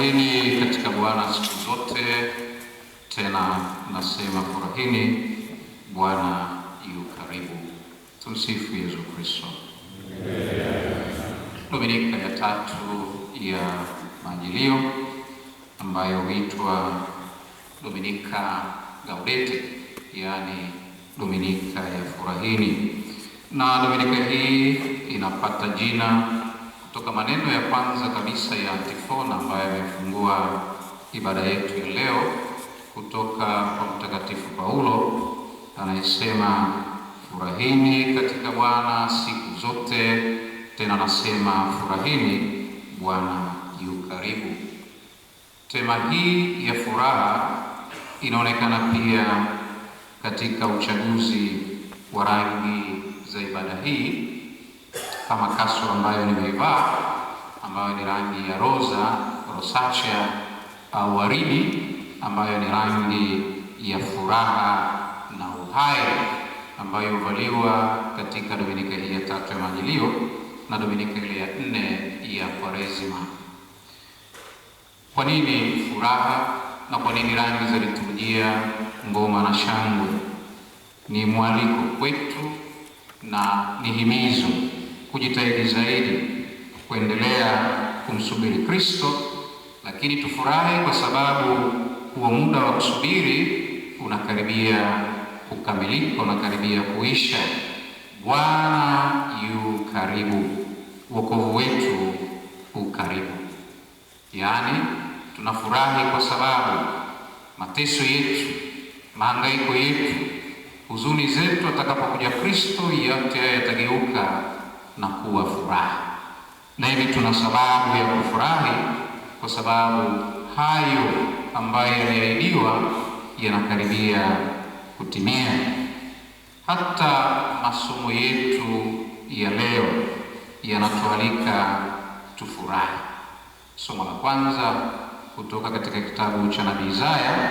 Furahini katika Bwana siku zote, tena nasema furahini, Bwana yu karibu. Tumsifu Yesu Kristo. Dominika ya tatu ya Majilio ambayo huitwa Dominika Gaudete, yaani Dominika ya Furahini, na Dominika hii inapata jina toka maneno ya kwanza kabisa ya antifona ambayo yamefungua ibada yetu ya leo kutoka kwa Mtakatifu Paulo anayesema, furahini katika Bwana siku zote, tena anasema furahini, Bwana yu karibu. Tema hii ya furaha inaonekana pia katika uchaguzi wa rangi za ibada hii kama kasro ambayo nimeivaa ambayo ni rangi ya rosa rosacea au waridi ambayo ni rangi ya furaha na uhai ambayo huvaliwa katika dominika hii ya tatu ya Majilio na dominika ile ya nne ya Kwaresima. Kwa nini furaha na kwa nini rangi za liturujia, ngoma na shangwe? Ni mwaliko kwetu na ni himizo kujitahidi zaidi kuendelea kumsubiri Kristo, lakini tufurahi kwa sababu huo muda wa kusubiri unakaribia kukamilika, unakaribia kuisha. Bwana yu karibu, wokovu wetu karibu. Yaani tunafurahi kwa sababu mateso yetu, mahangaiko yetu, huzuni zetu, atakapokuja Kristo yote yatageuka na kuwa furaha. Na hivi tuna sababu ya kufurahi kwa sababu hayo ambayo yameahidiwa yanakaribia kutimia. Hata masomo yetu ya leo yanatualika tufurahi. Somo la kwanza kutoka katika kitabu cha nabii Isaya.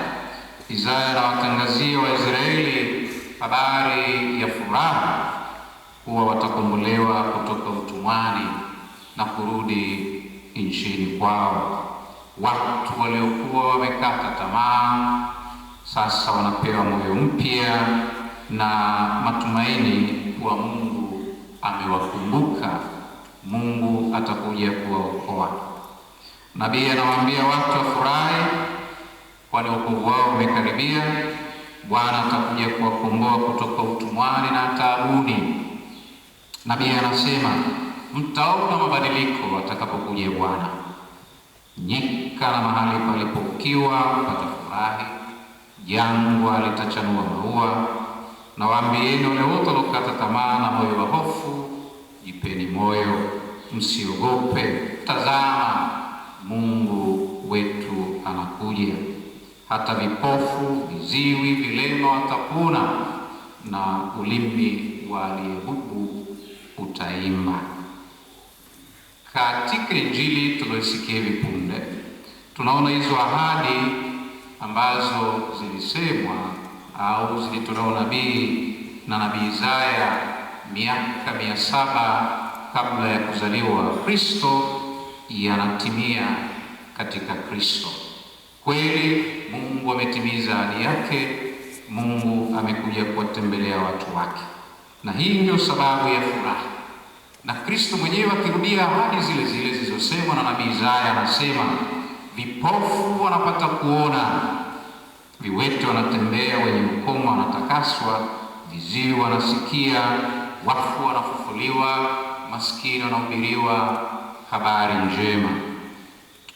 Isaya anawatangazia Waisraeli habari ya furaha kuwa watakombolewa kutoka utumwani na kurudi nchini kwao. Watu waliokuwa wamekata tamaa sasa wanapewa moyo mpya na matumaini kuwa Mungu amewakumbuka, Mungu atakuja kuwaokoa. Nabii anawaambia watu wafurahi, kwani wokovu wao umekaribia. Bwana atakuja kuwakomboa kutoka utumwani na taabuni. Nabii anasema mtaona mabadiliko atakapokuja Bwana. Nyika na mahali palipokiwa patafurahi, jangwa litachanua maua. Na waambieni wale wote waliokata tamaa na moyo wa hofu, jipeni moyo, msiogope. Tazama, Mungu wetu anakuja. Hata vipofu, viziwi, vilema watapona na ulimi wa aliyebubu utaimba. Katika Injili tuliyosikia hivi punde, tunaona hizo ahadi ambazo zilisemwa au zilitolewa nabii na nabii Isaya miaka mia saba kabla ya kuzaliwa Kristo yanatimia katika Kristo. Kweli Mungu ametimiza ahadi yake. Mungu amekuja kuwatembelea watu wake na hii ndiyo sababu ya furaha. Na Kristo mwenyewe akirudia ahadi zile zile zilizosemwa na nabii Isaya, anasema vipofu wanapata kuona, viwete wanatembea, wenye ukoma wanatakaswa, viziwi wanasikia, wafu wanafufuliwa, maskini wanahubiriwa habari njema.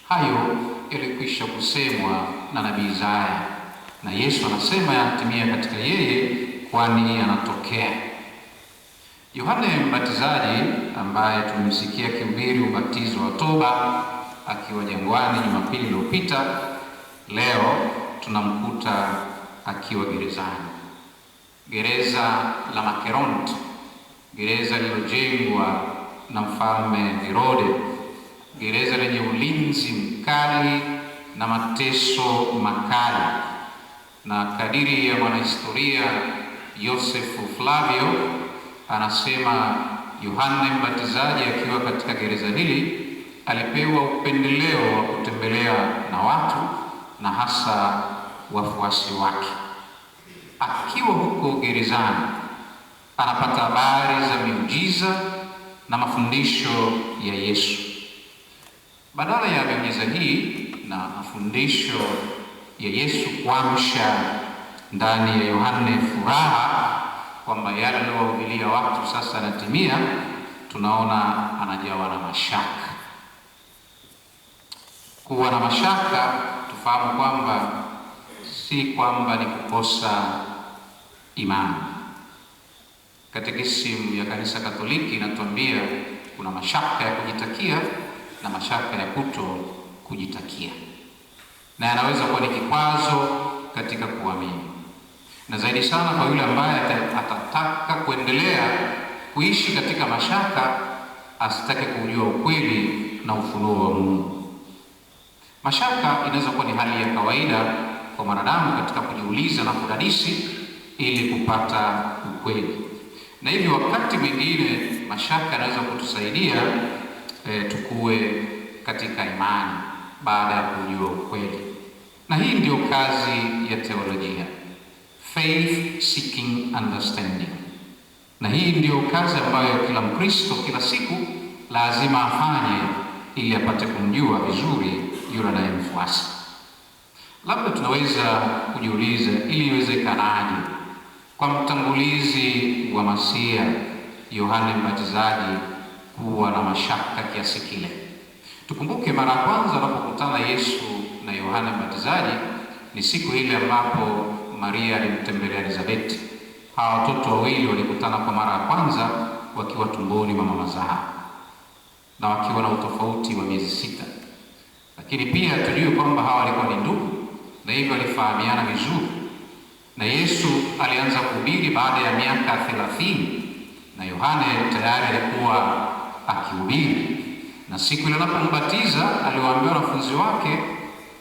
Hayo yalikwisha kusemwa na nabii Isaya, na Yesu anasema yanatimia katika yeye, kwani anatokea Yohane Mbatizaji ambaye tumemsikia kihubiri ubatizo wa toba akiwa jangwani Jumapili iliyopita, leo tunamkuta akiwa gerezani, gereza la Makeronte, gereza lililojengwa na mfalme Herode, gereza lenye ulinzi mkali na mateso makali, na kadiri ya mwanahistoria Yosefu Flavio anasema Yohane Mbatizaji akiwa katika gereza hili alipewa upendeleo wa kutembelea na watu na hasa wafuasi wake. Akiwa huko gerezani, anapata habari za miujiza na mafundisho ya Yesu. Badala ya miujiza hii na mafundisho ya Yesu kuamsha ndani ya Yohane furaha kwamba yale aliyowahubiria watu sasa anatimia, tunaona anajawa na mashaka. Kuwa na mashaka, tufahamu kwamba si kwamba ni kukosa imani. Katekisimu ya Kanisa Katoliki inatuambia kuna mashaka ya kujitakia na mashaka ya kuto kujitakia, na yanaweza kuwa ni kikwazo katika kuamini na zaidi sana kwa yule ambaye atataka kuendelea kuishi katika mashaka, asitake kujua ukweli na ufunuo wa Mungu. Mashaka inaweza kuwa ni hali ya kawaida kwa mwanadamu katika kujiuliza na kudadisi ili kupata ukweli, na hivyo wakati mwingine mashaka yanaweza kutusaidia e, tukue katika imani baada ya kujua ukweli, na hii ndiyo kazi ya teolojia faith seeking understanding. Na hii ndiyo kazi ambayo kila Mkristo kila siku lazima afanye ili apate kumjua vizuri yule anayemfuasa. Labda tunaweza kujiuliza, ili iwezekanaje kwa mtangulizi wa Masia Yohane Mbatizaji kuwa na mashaka kiasi kile? Tukumbuke mara ya kwanza anapokutana Yesu na Yohane Mbatizaji ni siku ile ambapo Maria alimtembelea Elizabeti. Hawa watoto wawili walikutana kwa mara ya kwanza wakiwa tumboni mwa mama zao na wakiwa na utofauti wa miezi sita, lakini pia tujue kwamba hawa walikuwa ni ndugu na hivyo walifahamiana vizuri, na Yesu alianza kuhubiri baada ya miaka thelathini na Yohane tayari alikuwa akihubiri, na siku ile anapombatiza aliwaambia wanafunzi wake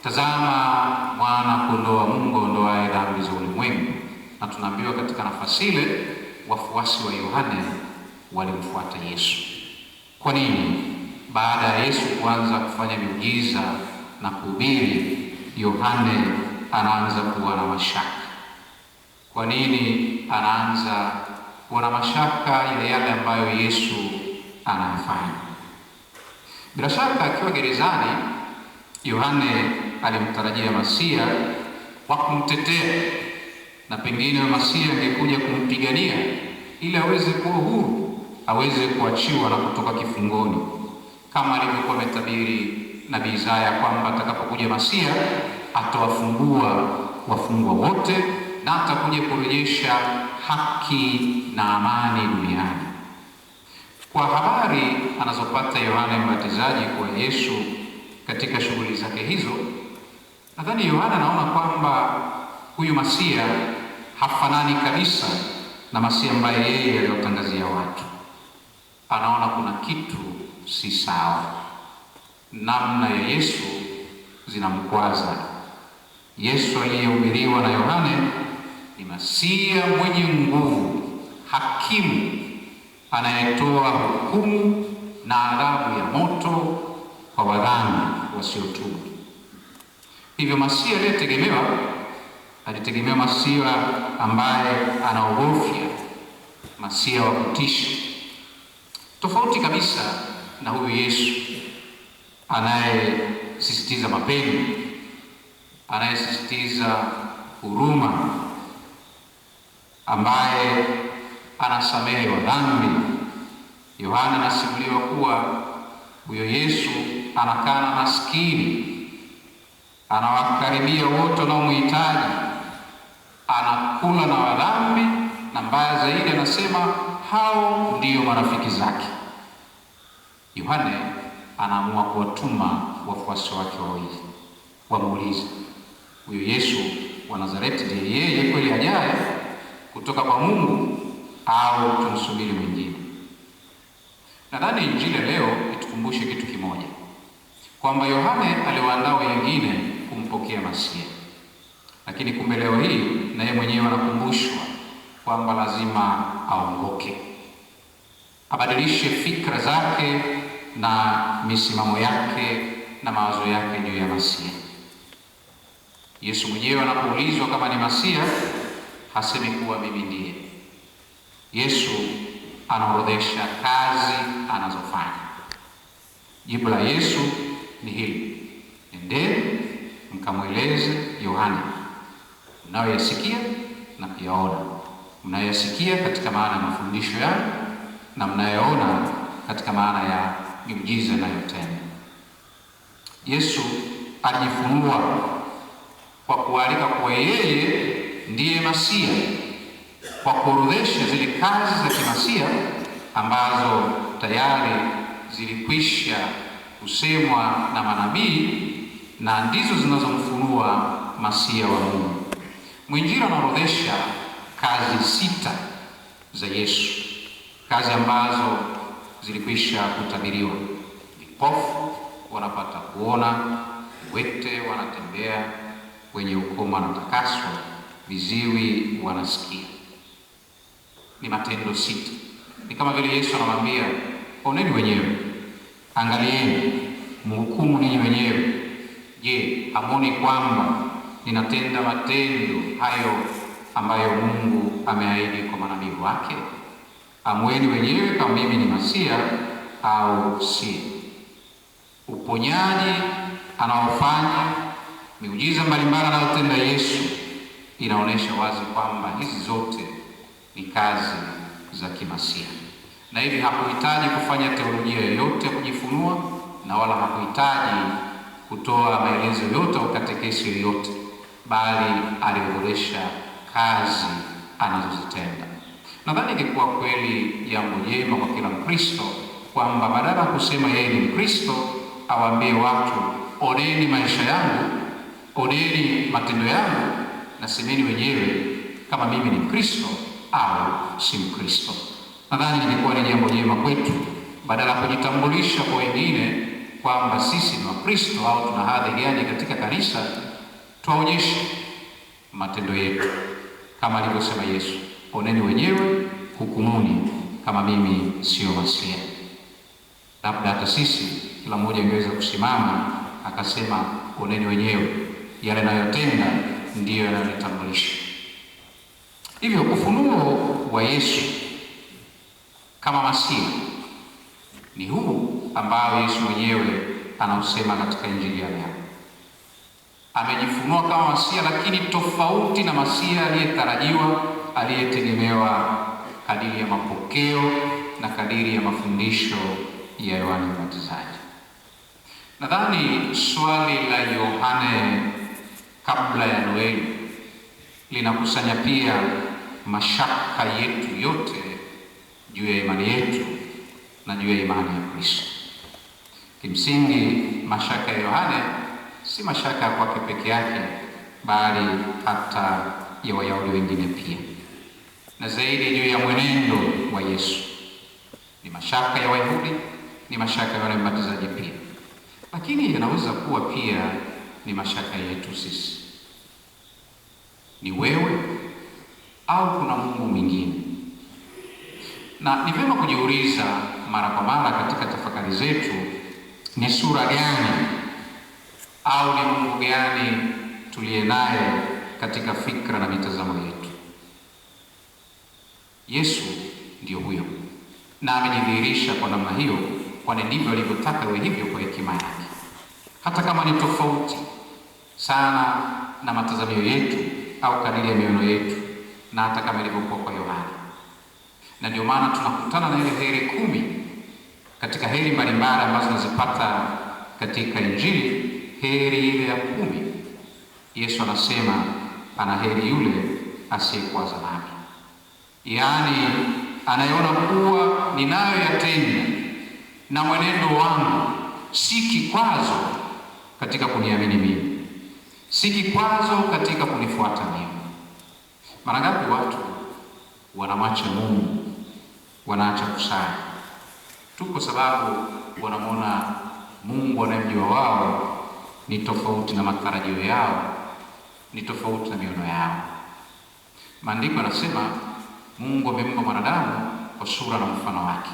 Tazama mwana kondoo wa Mungu ondoaye dhambi za ulimwengu. Na tunaambiwa katika nafasi ile wafuasi wa Yohane walimfuata Yesu. Kwa nini? Baada ya Yesu kuanza kufanya miujiza na kuhubiri, Yohane anaanza kuwa na mashaka. Kwa nini anaanza kuwa na mashaka? Ile yale ambayo Yesu anafanya. Bila shaka akiwa gerezani Yohane alimtarajia Masia wa kumtetea, na pengine Masia angekuja kumpigania ili aweze kuwa huru, aweze kuachiwa na kutoka kifungoni, kama alivyokuwa ametabiri nabii Isaya kwamba atakapokuja Masia atawafungua wafungwa wote na atakuja kurejesha haki na amani duniani. Kwa habari anazopata Yohane Mbatizaji kwa Yesu katika shughuli zake hizo Nadhani Yohana anaona kwamba huyu Masia hafanani kabisa na Masia ambaye yeye aliwatangazia watu. Anaona kuna kitu si sawa, namna ya Yesu zinamkwaza. Yesu aliyehubiriwa na Yohane ni Masia mwenye nguvu, hakimu anayetoa hukumu na adhabu ya moto kwa wadhambi wasiotubu. Hivyo Masihi aliyetegemewa alitegemewa Masihi ambaye anaogofya, Masihi wa kutisha, tofauti kabisa na huyu Yesu anayesisitiza mapendo, anayesisitiza huruma, ambaye anasamehe wa dhambi. Yohana anasimuliwa kuwa huyo Yesu anakaa na maskini anawakaribia wote wanaomhitaji, anakula na wadhambi, na mbaya zaidi anasema hao ndiyo marafiki zake. Yohane anaamua kuwatuma wafuasi wake wawili wamuulize huyo Yesu wa Nazareti ndiye yeye kweli ajaye kutoka kwa Mungu au tumsubiri mwingine? Nadhani injili leo itukumbushe kitu kimoja, kwamba Yohane aliwaandaa wengine kumpokea Masihi. Lakini kumbe leo hii na yeye mwenyewe anakumbushwa kwamba lazima aongoke, abadilishe fikra zake na misimamo yake na mawazo yake juu ya Masihi. Yesu mwenyewe anapoulizwa kama ni Masihi hasemi kuwa mimi ndiye. Yesu anaorodhesha kazi anazofanya. Jibu la Yesu ni hili: endeni nikamweleze Yohana mnayoyasikia na kuyaona, mnayoyasikia katika maana ya mafundisho yao na mnayoona katika maana ya miujiza inayotenda. Yesu ajifunua kwa kualika kuwa yeye ndiye Masia, kwa kuorodhesha zile kazi za kimasia ambazo tayari zilikwisha kusemwa na manabii na ndizo zinazomfunua masia wa Mungu. Mwinjili anaorodhesha kazi sita za Yesu, kazi ambazo zilikwisha kutabiriwa: vipofu wanapata kuona, wete wanatembea, wenye ukoma wanatakaswa, viziwi wanasikia. Ni matendo sita. Ni kama vile Yesu anamwambia oneni wenyewe, angalieni, mhukumu ninyi wenyewe Je, hamwoni kwamba ninatenda matendo hayo ambayo Mungu ameahidi kwa manabii wake? Amweni wenyewe kama mimi ni Masia au si. Uponyaji anaofanya, miujiza mbalimbali anayotenda Yesu inaonyesha wazi kwamba hizi zote ni kazi za kimasia, na hivi hakuhitaji kufanya teolojia yoyote ya kujifunua na wala hakuhitaji kutoa maelezo yote au katekesi yoyote, bali aliorodhesha kazi anazozitenda. Nadhani ingekuwa kweli jambo jema kwa kila Mkristo kwamba badala ya kusema yeye ni Mkristo awaambie watu oneni maisha yangu, oneni matendo yangu, na semeni wenyewe kama mimi ni Mkristo au si Mkristo. Nadhani ingekuwa ni jambo jema kwetu, badala ya kujitambulisha kwa wengine kwamba sisi ni Wakristo au tuna hadhi gani katika kanisa, tuwaonyeshe matendo yetu kama alivyosema Yesu, oneni wenyewe, hukumuni kama mimi siyo Masia. Labda hata sisi kila mmoja angeweza kusimama akasema, oneni wenyewe, yale nayotenda ndiyo yanayonitambulisha. Hivyo ufunuo wa Yesu kama Masia ni huu ambao Yesu mwenyewe anausema katika Injili ya Marko. Amejifunua kama Masia, lakini tofauti na Masia aliyetarajiwa, aliyetegemewa kadiri ya mapokeo na kadiri ya mafundisho ya Yohana Mbatizaji. Nadhani swali la Yohane kabla ya Noeli linakusanya pia mashaka yetu yote juu ya imani yetu na juu ya imani ya Kristo. Kimsingi, mashaka ya Yohane si mashaka kwake peke yake, bali hata ya Wayahudi wengine pia, na zaidi juu ya mwenendo wa Yesu. Ni mashaka ya Wayahudi, ni mashaka ya Mbatizaji pia, lakini yanaweza kuwa pia ni mashaka yetu sisi. Ni wewe au kuna Mungu mwingine? Na ni vema kujiuliza mara kwa mara katika tafakari zetu ni sura gani au ni Mungu gani tuliye naye katika fikra na mitazamo yetu. Yesu ndiyo huyo, na amejidhihirisha kwa namna hiyo, kwani ndivyo alivyotaka iwe hivyo kwa hekima yake, hata kama ni tofauti sana na matazamio yetu au kadiri ya miono yetu, na hata kama ilivyokuwa kwa Yohana. Na ndio maana tunakutana na ile heri kumi katika heri mbalimbali ambazo tunazipata katika Injili, heri ile ya kumi, Yesu anasema ana heri yule asiyekwaza dhambi, yaani anayeona kuwa ninayoyatenda na mwenendo wangu si kikwazo katika kuniamini mimi, si kikwazo katika kunifuata mimi. Mara ngapi watu wanamwacha Mungu, wanaacha kusali tu kwa sababu wanamwona Mungu anayemjua wao ni tofauti na matarajio yao, ni tofauti na miono yao. Maandiko yanasema Mungu amempa mwanadamu kwa sura na mfano wake,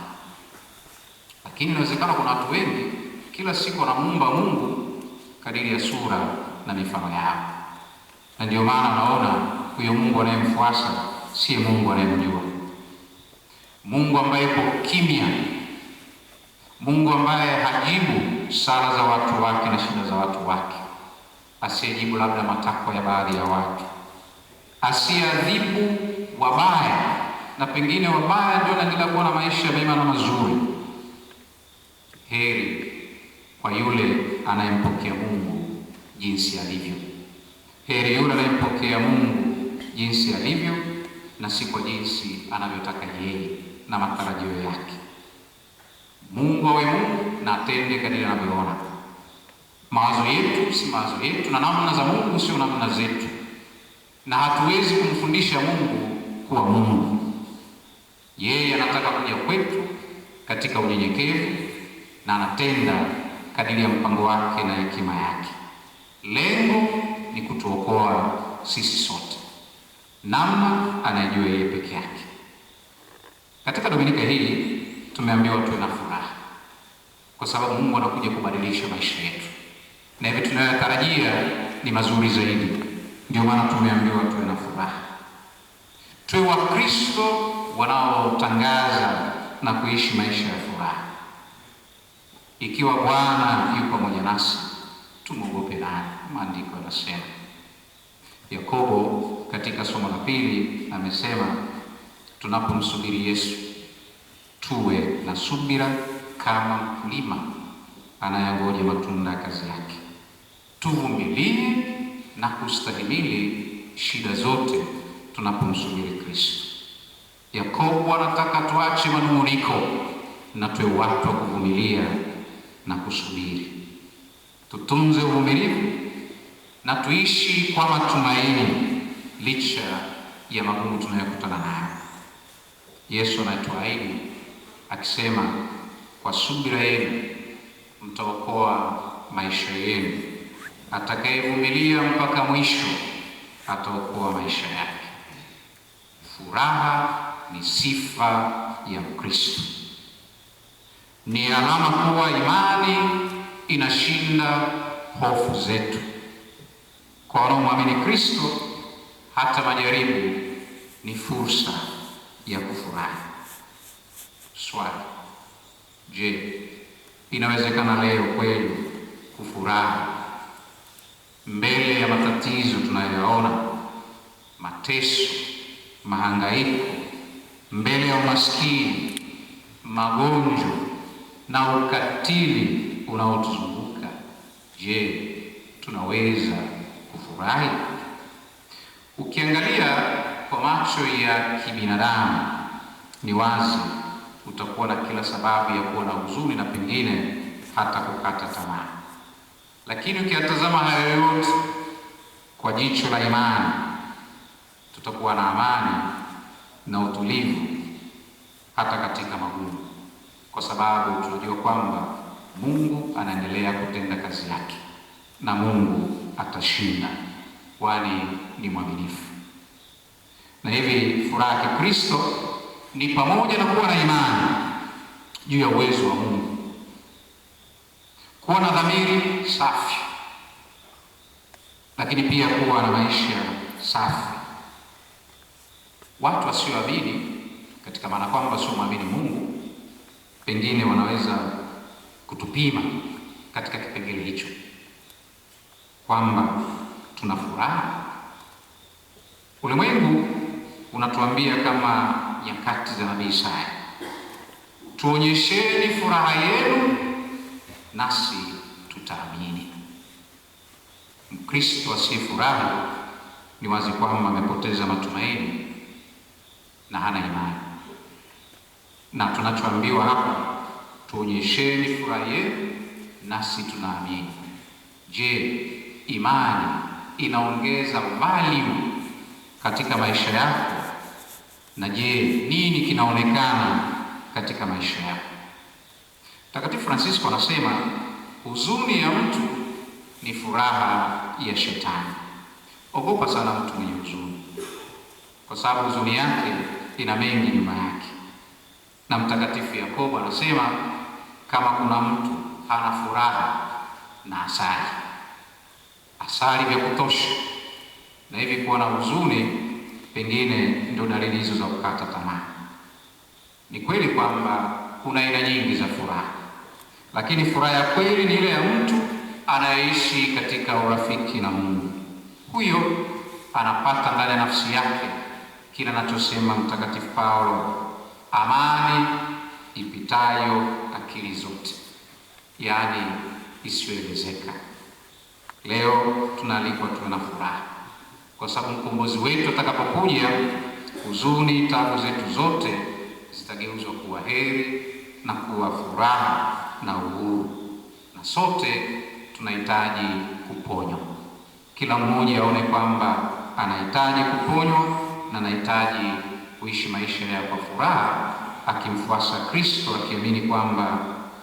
lakini inawezekana kuna watu wengi kila siku wanamuumba Mungu kadiri ya sura na mifano yao, na ndio maana wanaona huyo Mungu anayemfuasa siye Mungu anayemjua, Mungu ambaye yuko kimya Mungu ambaye hajibu sala za watu wake na shida za watu wake, asiyejibu labda matakwa ya baadhi ya watu, asiyeadhibu wabaya, na pengine wabaya ndio anaendelea kuwa na maisha mema na mazuri. Heri kwa yule anayempokea Mungu jinsi alivyo, heri yule anayempokea Mungu jinsi alivyo na si kwa jinsi anavyotaka yeye na matarajio yake. Mungu awe Mungu na atende kadiri anavyoona. Mawazo yetu si mawazo yetu, na namna za Mungu sio namna zetu, na hatuwezi kumfundisha Mungu kuwa Mungu. Yeye anataka kuja kwetu katika unyenyekevu, na anatenda kadiri ya mpango wake na hekima yake. Lengo ni kutuokoa sisi sote, namna anayejua yeye peke yake. Katika dominika hii tumeambiwa tuwe na furaha, kwa sababu Mungu anakuja kubadilisha maisha yetu, na hivi tunayotarajia ni mazuri zaidi. Ndio maana tumeambiwa tuwe na furaha, tuwe Wakristo wanaotangaza na kuishi maisha ya furaha. Ikiwa Bwana yu pamoja nasi, tumwogope nani? Maandiko yanasema Yakobo katika somo la pili amesema tunapomsubiri Yesu tuwe na subira kama mkulima anayangoja matunda ya kazi yake, tuvumilie na kustahimili shida zote tunapomsubiri Kristo. Yakobo anataka tuache manunguniko na tuwe watu wa kuvumilia na kusubiri, tutunze uvumilivu na tuishi kwa matumaini licha ya magumu tunayokutana nayo. Yesu anatuahidi akisema kwa subira yenu mtaokoa maisha yenu, atakayevumilia mpaka mwisho ataokoa maisha yake. Furaha ni sifa ya Mkristo, ni alama kuwa imani inashinda hofu zetu. Kwa wanaomwamini Kristo, hata majaribu ni fursa ya kufurahi. Swali: je, inawezekana leo kweli kufurahi mbele ya matatizo tunayoyaona, mateso, mahangaiko, mbele ya umaskini, magonjwa na ukatili unaotuzunguka? Je, tunaweza kufurahi? Ukiangalia kwa macho ya kibinadamu, ni wazi utakuwa na kila sababu ya kuwa na huzuni na pengine hata kukata tamaa. Lakini ukiyatazama hayo yote kwa jicho la imani, tutakuwa na amani na utulivu hata katika magumu, kwa sababu tunajua kwamba Mungu anaendelea kutenda kazi yake na Mungu atashinda, kwani ni mwaminifu. Na hivi furaha ya Kikristo ni pamoja na kuwa na imani juu ya uwezo wa Mungu, kuwa na dhamiri safi, lakini pia kuwa na maisha safi. Watu wasioamini katika maana kwamba wasiomwamini Mungu pengine wanaweza kutupima katika kipengele hicho kwamba tuna furaha ulimwengu unatuambia kama nyakati za nabii Isaya, tuonyesheni furaha yenu nasi tutaamini. Mkristo asiye furaha ni wazi kwamba amepoteza matumaini na hana imani, na tunachoambiwa hapa, tuonyesheni furaha yenu nasi tunaamini. Je, imani inaongeza value katika maisha yako? na je, nini kinaonekana katika maisha yako? Mtakatifu Francisco anasema huzuni ya mtu ni furaha ya shetani. Ogopa sana mtu mwenye huzuni, kwa sababu huzuni yake ina mengi nyuma yake. Na Mtakatifu Yakobo anasema kama kuna mtu hana furaha na asali, asali vya kutosha, na hivi kuwa na huzuni pengine ndio dalili hizo za kukata tamaa. Ni kweli kwamba kuna aina nyingi za furaha, lakini furaha ya kweli ni ile ya mtu anayeishi katika urafiki na Mungu. Huyo anapata ndani ya nafsi yake kila anachosema Mtakatifu Paulo, amani ipitayo akili zote, yaani isiyoelezeka. Leo tunaalikwa tuwe na furaha kwa sababu mkombozi wetu atakapokuja, huzuni, tabu zetu zote zitageuzwa kuwa heri na kuwa furaha na uhuru, na sote tunahitaji kuponywa. Kila mmoja aone kwamba anahitaji kuponywa na anahitaji kuishi maisha ya kwa furaha, akimfuasa Kristo, akiamini kwamba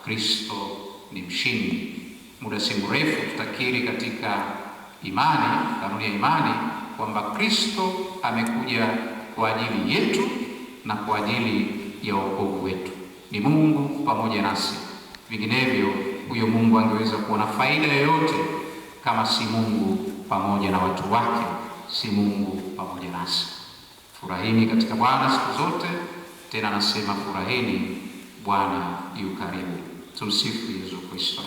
Kristo ni mshindi. Muda si mrefu tutakiri katika imani, kanuni ya imani kwamba Kristo amekuja kwa ajili yetu na kwa ajili ya wokovu wetu. Ni Mungu pamoja nasi, vinginevyo huyo Mungu angeweza kuona faida yoyote kama si Mungu pamoja na watu wake, si Mungu pamoja nasi. Furahini katika Bwana siku zote, tena nasema furahini, Bwana yu karibu. Tumsifu Yesu Kristo.